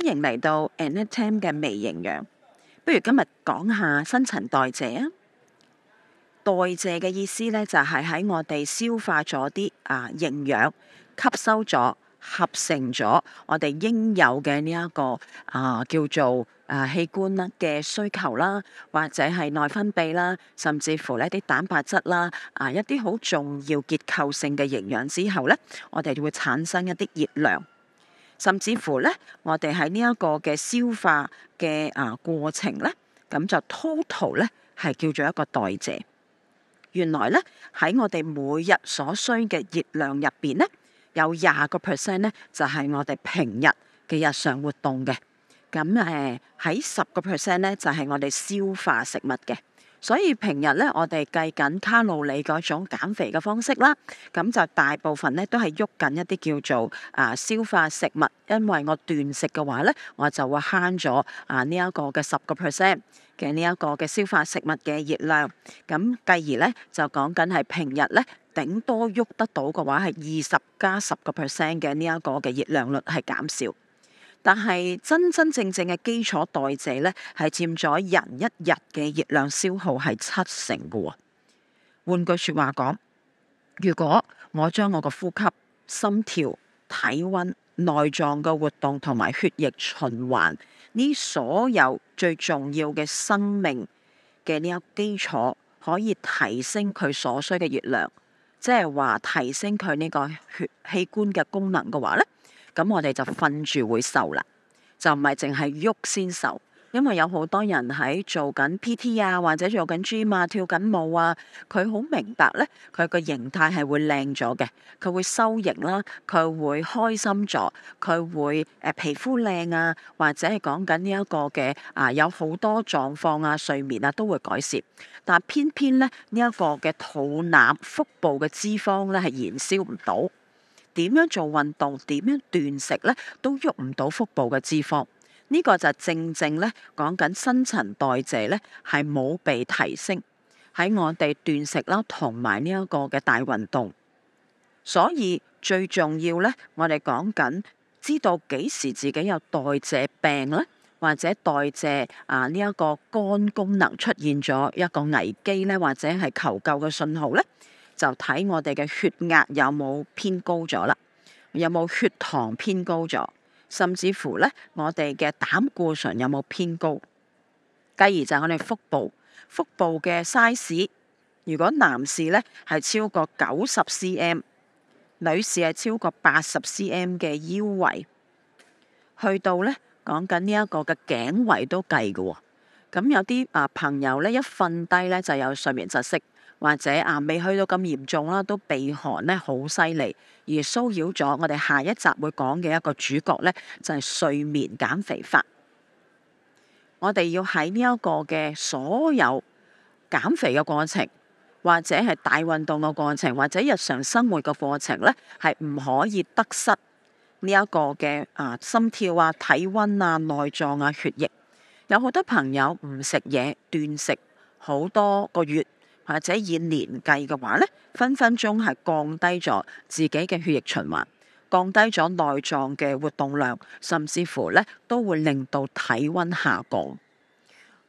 歡迎嚟到 Annette 嘅微營養，不如今日講下新陳代謝啊！代謝嘅意思咧，就係喺我哋消化咗啲啊營養，吸收咗、合成咗我哋應有嘅呢一個啊叫做啊器官啦嘅需求啦，或者係內分泌啦，甚至乎呢啲蛋白質啦啊一啲好重要結構性嘅營養之後咧，我哋就會產生一啲熱量。甚至乎咧，我哋喺呢一個嘅消化嘅啊過程咧，咁就 total 咧係叫做一個代謝。原來咧喺我哋每日所需嘅熱量入邊咧，有廿個 percent 咧就係、是、我哋平日嘅日常活動嘅。咁誒，喺十個 percent 咧就係、是、我哋消化食物嘅。所以平日咧，我哋計緊卡路里嗰種減肥嘅方式啦，咁就大部分咧都係喐緊一啲叫做啊消化食物，因為我斷食嘅話咧，我就會慳咗啊呢一個嘅十個 percent 嘅呢一個嘅消化食物嘅熱量，咁繼而咧就講緊係平日咧頂多喐得到嘅話係二十加十個 percent 嘅呢一個嘅熱量率係減少。但係真真正正嘅基礎代謝呢，係佔咗人一日嘅熱量消耗係七成嘅。換句說話講，如果我將我個呼吸、心跳、體溫、內臟嘅活動同埋血液循環呢，所有最重要嘅生命嘅呢一基礎，可以提升佢所需嘅熱量，即係話提升佢呢個血器官嘅功能嘅話呢，咁我哋就瞓住會瘦啦，就唔係淨係喐先瘦，因為有好多人喺做緊 PT 啊，或者做緊 Gym、啊、跳緊舞啊，佢好明白呢，佢個形態係會靚咗嘅，佢會收形啦，佢會開心咗，佢會誒皮膚靚啊，或者係講緊呢一個嘅，啊有好多狀況啊睡眠，啊都會改善，但偏偏呢，呢、這、一個嘅肚腩腹部嘅脂肪呢係燃燒唔到。點樣做運動？點樣斷食咧，都喐唔到腹部嘅脂肪。呢個就正正咧，講緊新陳代謝咧係冇被提升喺我哋斷食啦，同埋呢一個嘅大運動。所以最重要呢，我哋講緊知道幾時自己有代謝病咧，或者代謝啊呢一個肝功能出現咗一個危機咧，或者係求救嘅信號咧。就睇我哋嘅血壓有冇偏高咗啦，有冇血糖偏高咗，甚至乎呢，我哋嘅膽固醇有冇偏高。繼而就係我哋腹部，腹部嘅 size，如果男士呢係超過九十 cm，女士係超過八十 cm 嘅腰圍，去到呢講緊呢、這、一個嘅頸圍都計嘅喎。咁有啲啊、呃、朋友呢，一瞓低呢就有睡眠窒息。或者啊，未去到咁嚴重啦，都鼻鼾咧，好犀利而騷擾咗我哋，下一集會講嘅一個主角咧，就係、是、睡眠減肥法。我哋要喺呢一個嘅所有減肥嘅過程，或者係大運動嘅過程，或者日常生活嘅過程咧，係唔可以得失呢一個嘅啊心跳啊、體溫啊、內臟啊、血液。有好多朋友唔食嘢，斷食好多個月。或者以年計嘅話咧，分分鐘係降低咗自己嘅血液循環，降低咗內臟嘅活動量，甚至乎咧都會令到體溫下降。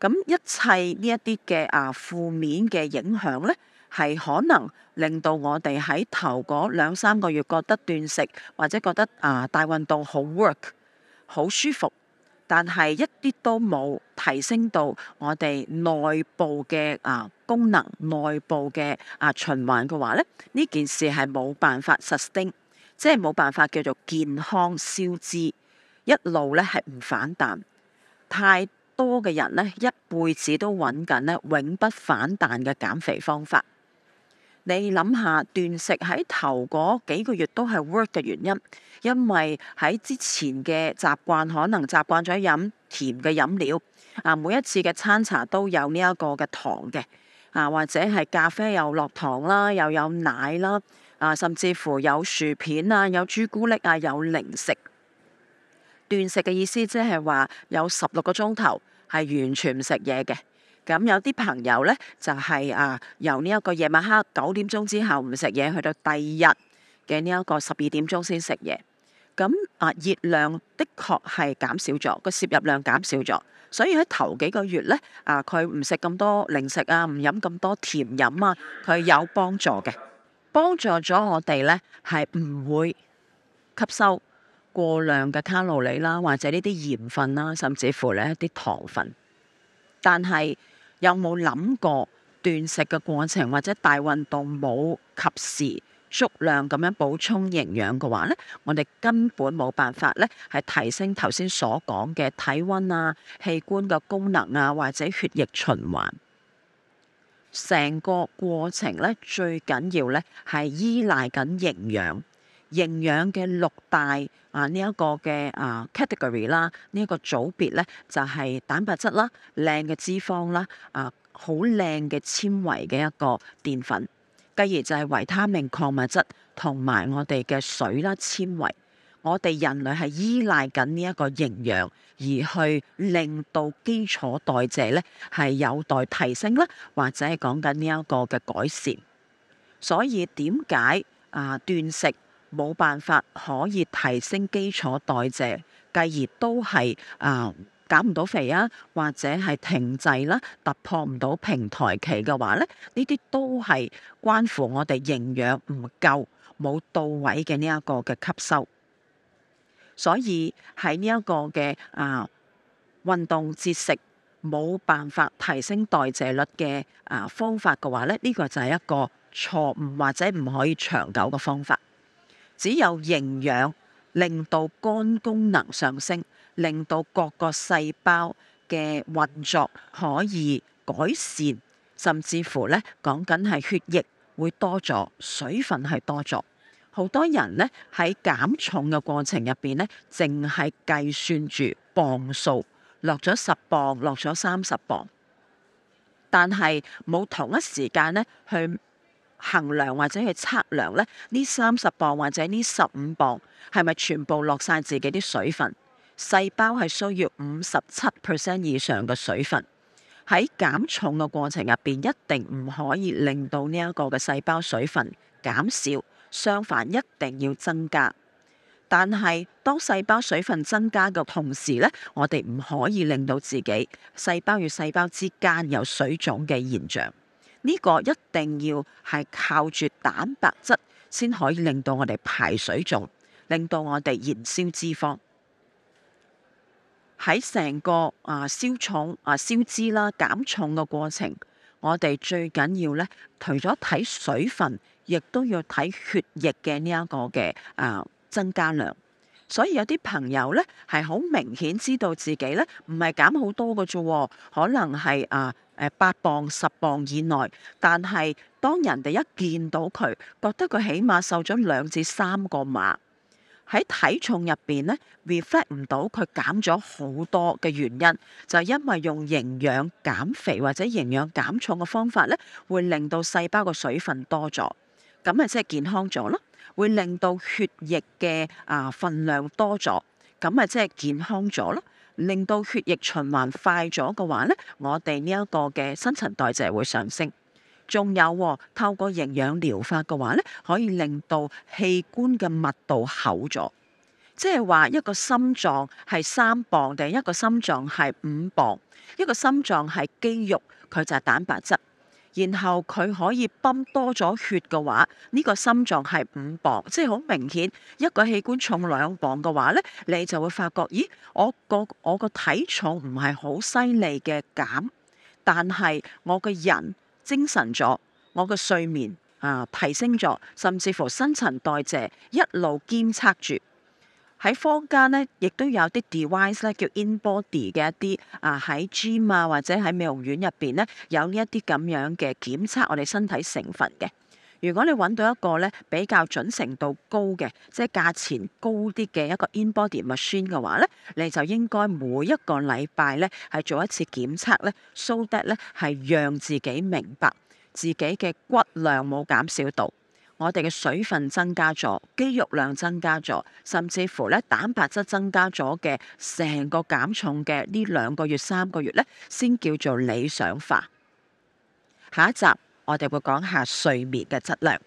咁一切呢一啲嘅啊負面嘅影響咧，係可能令到我哋喺頭嗰兩三個月覺得斷食或者覺得啊大運動好 work 好舒服。但係一啲都冇提升到我哋內部嘅啊功能、內部嘅啊循環嘅話咧，呢件事係冇辦法 sustain，即係冇辦法叫做健康消脂，一路呢係唔反彈。太多嘅人呢，一輩子都揾緊咧永不反彈嘅減肥方法。你諗下斷食喺頭嗰幾個月都係 work 嘅原因，因為喺之前嘅習慣可能習慣咗飲甜嘅飲料，啊每一次嘅餐茶都有呢一個嘅糖嘅，啊或者係咖啡又落糖啦，又有奶啦，啊甚至乎有薯片啊，有朱古力啊，有零食。斷食嘅意思即係話有十六個鐘頭係完全唔食嘢嘅。咁有啲朋友呢，就係啊，由呢一個夜晚黑九點鐘之後唔食嘢，去到第二日嘅呢一個十二點鐘先食嘢。咁啊，熱量的確係減少咗，個攝入量減少咗。所以喺頭幾個月呢，啊，佢唔食咁多零食啊，唔飲咁多甜飲啊，佢有幫助嘅，幫助咗我哋呢係唔會吸收過量嘅卡路里啦，或者呢啲鹽分啦，甚至乎呢啲糖分，但係，有冇諗過斷食嘅過程，或者大運動冇及時足量咁樣補充營養嘅話呢，我哋根本冇辦法呢，係提升頭先所講嘅體溫啊、器官嘅功能啊，或者血液循環。成個過程呢，最緊要呢係依賴緊營養。營養嘅六大啊，呢一個嘅啊 category 啦，呢一個組別呢，就係蛋白質啦，靚嘅脂肪啦，啊好靚嘅纖維嘅一個澱粉，繼而就係維他命、礦物質同埋我哋嘅水啦、纖維。我哋人類係依賴緊呢一個營養而去令到基礎代謝呢係有待提升啦，或者係講緊呢一個嘅改善。所以點解啊斷食？冇辦法可以提升基礎代謝，繼而都係啊減唔到肥啊，或者係停滯啦，突破唔到平台期嘅話咧，呢啲都係關乎我哋營養唔夠冇到位嘅呢一個嘅吸收。所以喺呢一個嘅啊、呃、運動節食冇辦法提升代謝率嘅啊、呃、方法嘅話咧，呢、呢個就係一個錯誤，或者唔可以長久嘅方法。只有營養令到肝功能上升，令到各個細胞嘅運作可以改善，甚至乎呢，講緊係血液會多咗，水分係多咗。好多人呢喺減重嘅過程入邊呢，淨係計算住磅數，落咗十磅，落咗三十磅，但係冇同一時間呢去衡量或者去測量咧，呢三十磅或者呢十五磅係咪全部落晒自己啲水分？細胞係需要五十七 percent 以上嘅水分。喺減重嘅過程入邊，一定唔可以令到呢一個嘅細胞水分減少，相反一定要增加。但係當細胞水分增加嘅同時呢，我哋唔可以令到自己細胞與細胞之間有水腫嘅現象。呢個一定要係靠住蛋白質先可以令到我哋排水腫，令到我哋燃燒脂肪。喺成個啊燒重啊燒脂啦減重嘅過程，我哋最緊要呢，除咗睇水分，亦都要睇血液嘅呢一個嘅啊增加量。所以有啲朋友呢，係好明顯知道自己呢唔係減好多嘅啫，可能係啊。誒八磅十磅以內，但係當人哋一見到佢，覺得佢起碼瘦咗兩至三個碼，喺體重入邊呢 reflect 唔到佢減咗好多嘅原因，就係因為用營養減肥或者營養減重嘅方法呢，會令到細胞嘅水分多咗，咁咪即係健康咗咯；會令到血液嘅啊份量多咗，咁咪即係健康咗咯。令到血液循環快咗嘅話呢，我哋呢一個嘅新陳代謝會上升。仲有透過營養療法嘅話呢，可以令到器官嘅密度厚咗。即係話一個心臟係三磅，定一個心臟係五磅。一個心臟係肌肉，佢就係蛋白質。然後佢可以泵多咗血嘅話，呢個心臟係五磅，即係好明顯一個器官重兩磅嘅話呢，你就會發覺，咦，我個我個體重唔係好犀利嘅減，但係我個人精神咗，我嘅睡眠啊提升咗，甚至乎新陳代謝一路監測住。喺坊間呢，亦都有啲 device 咧叫 in body 嘅一啲啊，喺 gym 啊或者喺美容院入邊呢，有呢一啲咁樣嘅檢測我哋身體成分嘅。如果你揾到一個呢比較準程度高嘅，即係價錢高啲嘅一個 in body machine 嘅話呢，你就應該每一個禮拜呢，係做一次檢測呢，so that 呢，係讓自己明白自己嘅骨量冇減少到。我哋嘅水分增加咗，肌肉量增加咗，甚至乎咧蛋白質增加咗嘅，成個減重嘅呢兩個月三個月咧，先叫做理想化。下一集我哋會講下睡眠嘅質量。